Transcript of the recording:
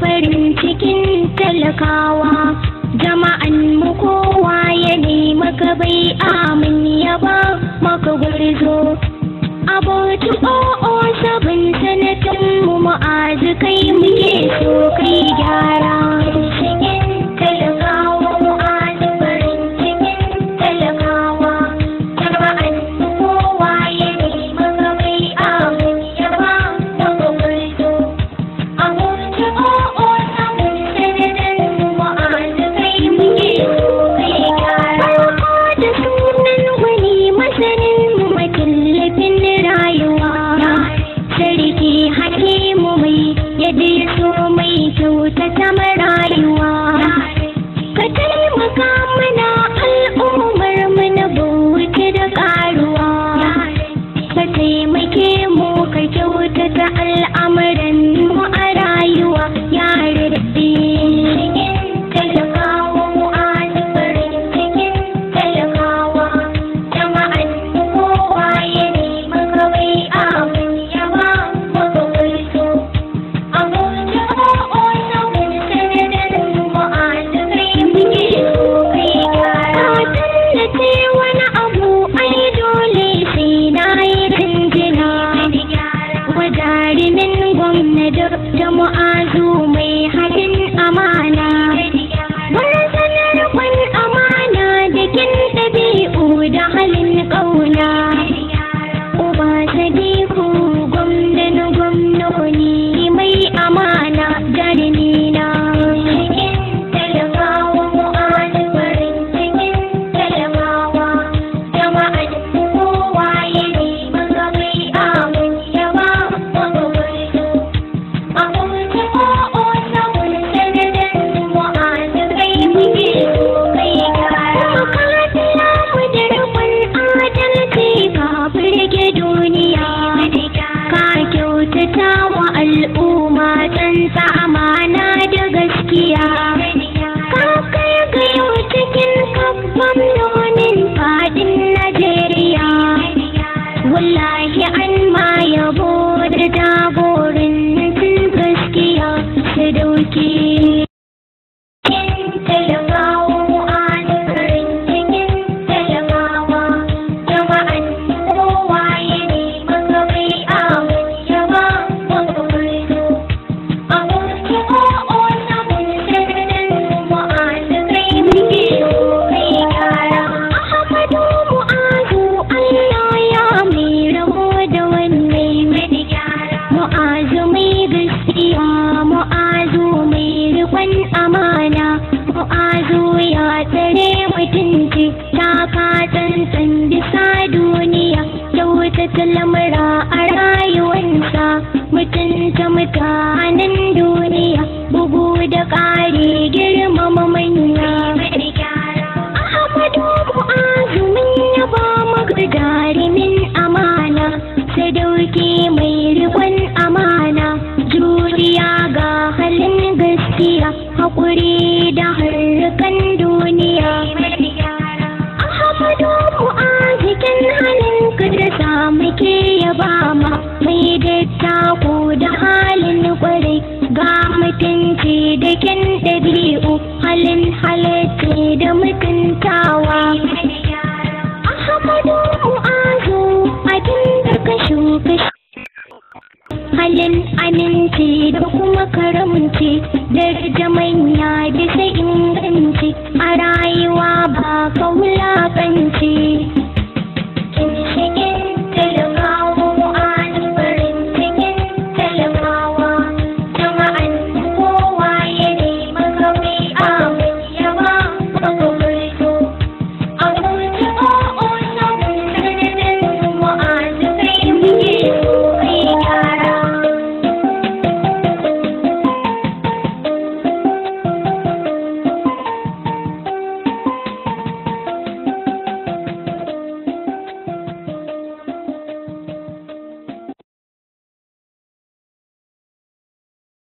farin cikin talakawa jama'an mu kowa ya nema ka bai amin ya ba maka gurzo abotu o'o sabon sanatun mu ma'azu kai muke so kai gyara ke mu ka kyautata Allah juya tsare mutunci ta ka tsantsan bisa duniya kyautata lamura a rayuwansa mutunta mutanen duniya bugu da ƙari girmama manya haƙuri da harkan duniya ahmadu ku a cikin halin ka muke samu yaba ma mai datta ku da halin kwarai ga mutunci da kyan ɗabi'u halin halarci da mutuntawa halin aminci da kuma karamci daraja manya bisa inganci a rayuwa ba ka ci.